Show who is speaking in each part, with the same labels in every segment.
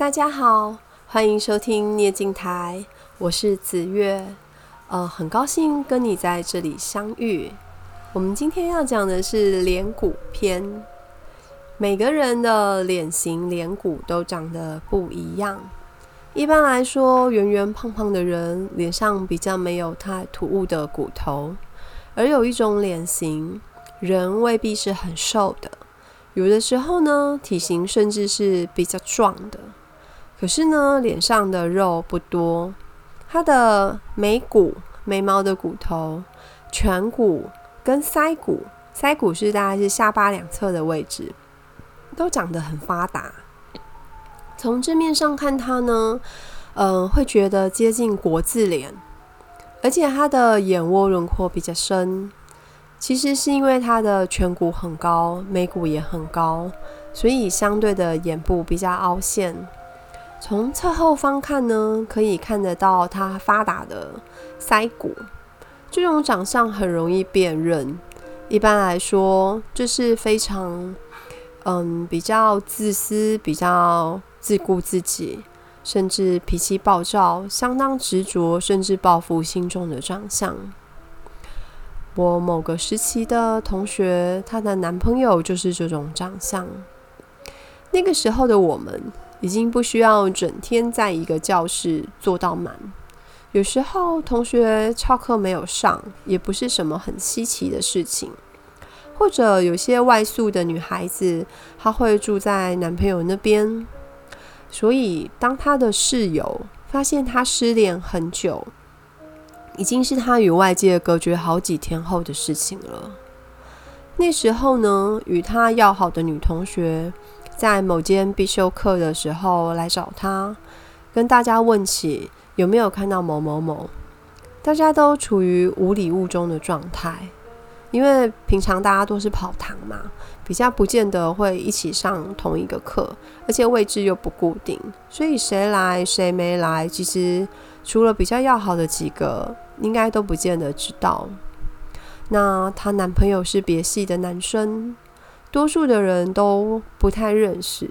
Speaker 1: 大家好，歡迎收聽聶經台，我是紫玥，呃，很高興跟你在這裡相遇。我們今天要講的是臉骨篇。每個人的臉型、臉骨都長得不一樣。一般來說，圓圓胖胖的人臉上比較沒有太突兀的骨頭，而有一種臉型，人未必是很瘦的，有的時候呢，體型甚至是比較壯的。可是呢，臉上的肉不多，他的眉骨、眉毛的骨頭、顴骨跟腮骨，腮骨是大概是下巴兩側的位置，都長得很發達。從正面上看他呢，嗯、呃，會覺得接近國字臉，而且他的眼窩輪廓比較深。其實是因為他的顴骨很高，眉骨也很高，所以相對的眼部比較凹陷。從側後方看呢，可以看得到他發達的腮骨，這種長相很容易辨認。一般來說，就是非常，嗯，比較自私，比較自顧自己，甚至脾氣暴躁，相當執着，甚至報復心重的長相。我某個時期的同學，她的男朋友就是這種長相。那個時候的我們。已經不需要整天在一個教室坐到滿。有時候同學翹課沒有上，也不是什麼很稀奇的事情。或者有些外宿的女孩子，她會住在男朋友那邊。所以當她的室友發現她失聯很久，已經是她與外界隔絕好幾天後的事情了。那時候呢，與她要好的女同學，在某間必修課的時候來找他，跟大家問起有沒有看到某某某，大家都處於五里霧中的狀態，因為平常大家都是跑堂嘛，比較不見得會一起上同一個課，而且位置又不固定，所以誰來誰沒來，其實除了比較要好的幾個，應該都不見得知道。那她男朋友是別系的男生。多數的人都不太認識，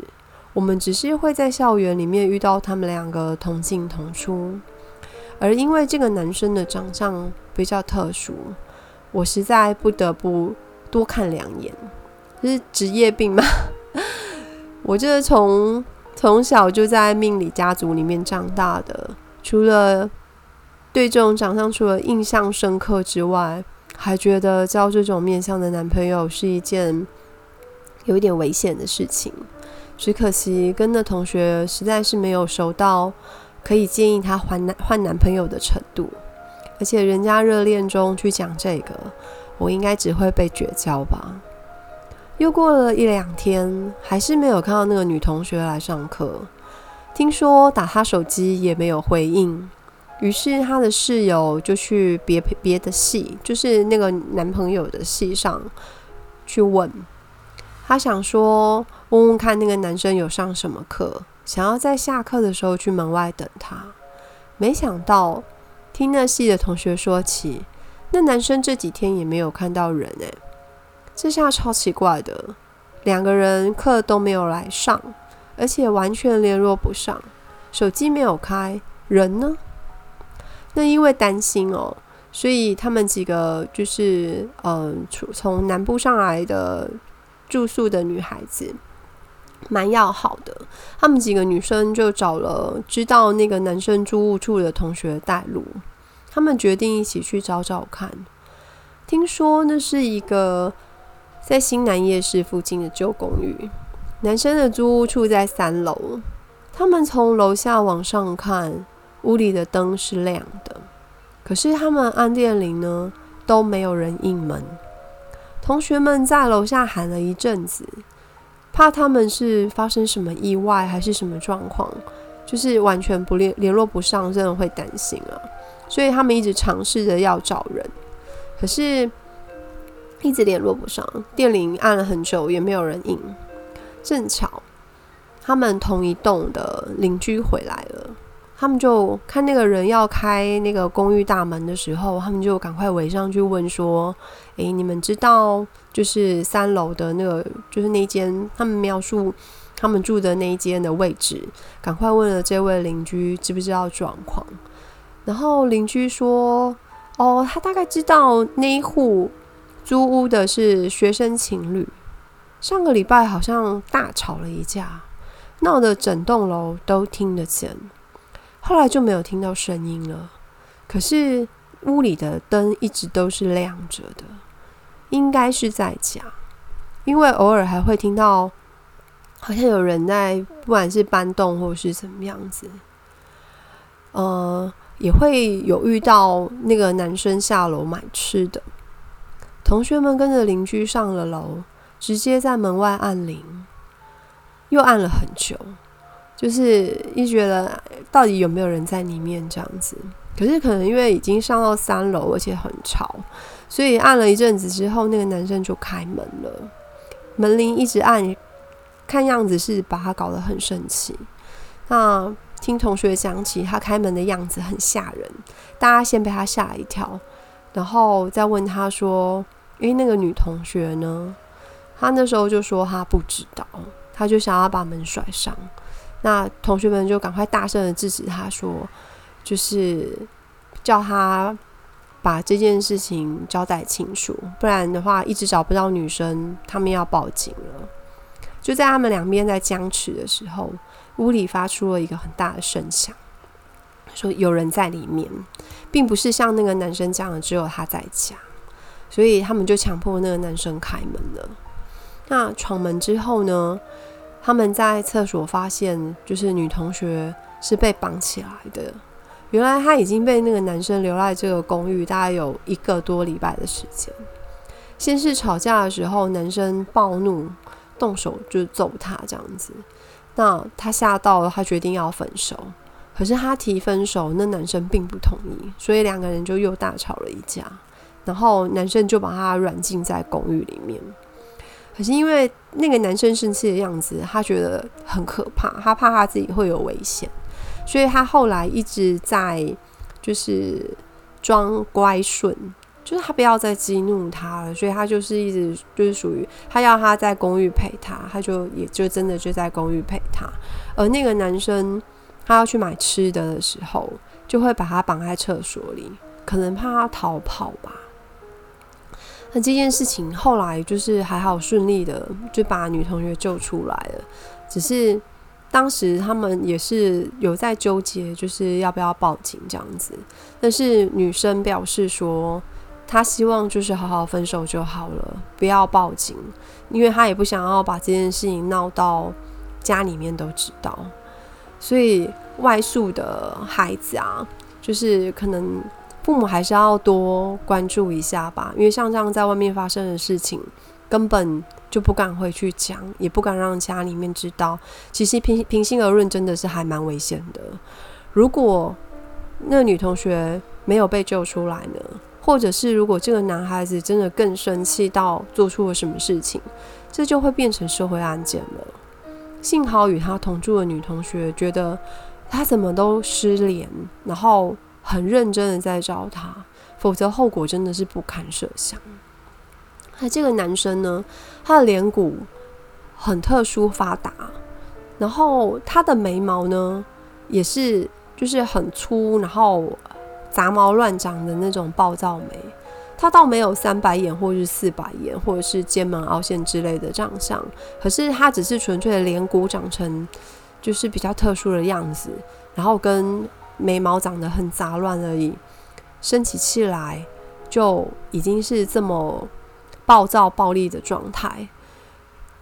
Speaker 1: 我們只是會在校園裡面遇到他們兩個同進同出，而因為這個男生的長相比較特殊，我實在不得不多看兩眼。這是職業病嗎？我就是從從小就在命理家族裡面長大的，除了對這種長相除了印象深刻之外，還覺得交這種面相的男朋友是一件。有一點危險的事情，只可惜跟那同學實在是沒有熟到可以建議她換男換男朋友的程度，而且人家熱戀中去講這個，我應該只會被絕交吧。又過了一兩天，還是沒有看到那個女同學來上課，聽說打她手機也沒有回應，於是她的室友就去別別的系，就是那個男朋友的系上去問。他想說，問問看那個男生有上什麼課，想要在下課的時候去門外等他。沒想到，聽那系的同學說起，那男生這幾天也沒有看到人哎、欸，這下超奇怪的。兩個人課都沒有來上，而且完全聯絡不上，手機沒有開，人呢？那因為擔心哦、喔，所以他們幾個就是，嗯、呃，從南部上來的。住宿的女孩子蠻要好的，她們幾個女生就找了知道那個男生租屋處的同學帶路，她們決定一起去找找看。聽說那是一個在新南夜市附近的舊公寓，男生的租屋處在三樓。他們從樓下往上看，屋裡的燈是亮的，可是他們按電鈴呢，都沒有人應門。同學們在樓下喊了一陣子，怕他們是發生什麼意外還是什麼狀況，就是完全不聯聯絡不上，真的會擔心啊。所以他們一直嘗試着要找人，可是一直聯絡不上，電鈴按了很久也沒有人應。正巧，他們同一棟的鄰居回來了。他們就看那個人要開那個公寓大門的時候，他們就趕快圍上去問說：“誒，你們知道就是三樓的那個，就是那一間他們描述他們住的那一間的位置？趕快問了這位鄰居知不知道狀況。”然後鄰居說：“哦，他大概知道那一戶租屋的是學生情侶，上個禮拜好像大吵了一架，鬧得整棟樓都聽得見。”後來就沒有聽到聲音了，可是屋裡的燈一直都是亮着的，應該是在家，因為偶爾還會聽到好像有人在，不管是搬動或是怎麼樣子，呃，也會有遇到那個男生下樓買吃的，同學們跟着鄰居上了樓，直接在門外按鈴，又按了很久。就是一覺得到底有沒有人在裡面這樣子，可是可能因為已經上到三樓，而且很吵，所以按了一陣子之後，那個男生就開門了。門鈴一直按，看樣子是把他搞得很生氣。那聽同學講起他開門的樣子很嚇人，大家先被他嚇了一跳，然後再問他說：“欸，那個女同學呢，他那時候就說他不知道，他就想要把門甩上。”那同學們就趕快大聲的制止他說，就是叫他把這件事情交代清楚，不然的話一直找不到女生，他們要報警了。就在他們兩邊在僵持的時候，屋裡發出了一個很大的聲響，說有人在裡面，並不是像那個男生講的，只有他在家，所以他們就強迫那個男生開門了。那闖門之後呢？他們在廁所發現，就是女同學是被綁起來的。原來她已經被那個男生留在這個公寓，大概有一個多禮拜的時間。先是吵架的時候，男生暴怒，動手就揍她這樣子。那她嚇到了，她決定要分手。可是她提分手，那男生並不同意，所以兩個人就又大吵了一架。然後男生就把她軟禁在公寓裡面。可是因為那個男生生氣的樣子，他覺得很可怕，他怕他自己會有危險，所以他後來一直在就是裝乖順，就是他不要再激怒他了，所以他就是一直就是屬於他要他在公寓陪他，他就也就真的就在公寓陪他。而那個男生他要去買吃的的時候，就會把他綁在廁所裡，可能怕他逃跑吧。那這件事情後來就是還好順利的就把女同學救出來了，只是當時他們也是有在糾結，就是要不要報警這樣子。但是女生表示說，她希望就是好好分手就好了，不要報警，因為她也不想要把這件事情鬧到家裡面都知道。所以外宿的孩子啊，就是可能。父母還是要多關注一下吧，因為像這樣在外面發生的事情，根本就不敢回去講，也不敢讓家裡面知道。其實平平心而論，真的是還蠻危險的。如果那女同學沒有被救出來呢，或者是如果這個男孩子真的更生氣到做出了什麼事情，這就會變成社會案件了。幸好與他同住的女同學覺得他怎麼都失聯，然後。很認真的在找他，否則後果真的是不堪設想。那、啊、這個男生呢，他的臉骨很特殊發達，然後他的眉毛呢也是就是很粗，然後雜毛亂長的那種暴躁眉。他倒沒有三白眼或是四白眼，或者是奸門凹陷之類的長相，可是他只是純粹的臉骨長成就是比較特殊的樣子，然後跟。眉毛長得很雜亂而已，生起氣來就已經是這麼暴躁暴力的狀態，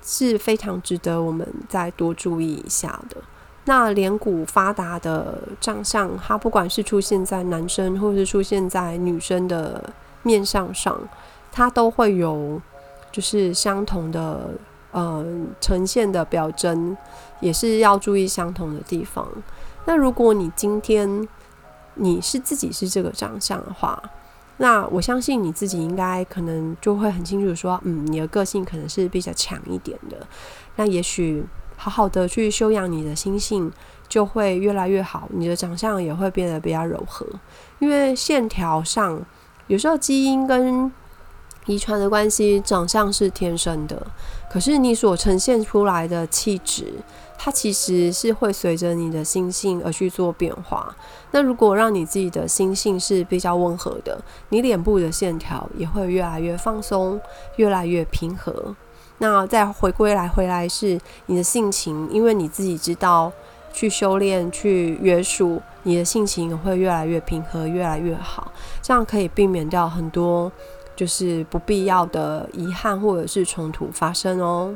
Speaker 1: 是非常值得我們再多注意一下的。那臉骨發達的長相，它不管是出現在男生，或是出現在女生的面相上，上，它都會有就是相同的嗯、呃、呈現的表徵，也是要注意相同的地方。那如果你今天你是自己是這個長相的話，那我相信你自己應該可能就會很清楚說，嗯，你的個性可能是比較強一點的。那也許好好的去修養你的心性，就會越來越好，你的長相也會變得比較柔和，因為線條上有時候基因跟。遺傳的關係，長相是天生的，可是你所呈現出來的氣質，它其實是會隨着你的心性而去做變化。那如果讓你自己的心性是比較溫和的，你臉部的線條也會越來越放鬆，越來越平和。那再回歸來，回來是你的性情，因為你自己知道去修煉、去約束，你的性情也會越來越平和，越來越好。這樣可以避免掉很多。就是不必要的遺憾或者是衝突發生哦。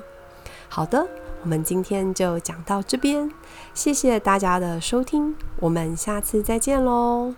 Speaker 1: 好的，我們今天就講到這邊，謝謝大家的收聽，我們下次再見嘍。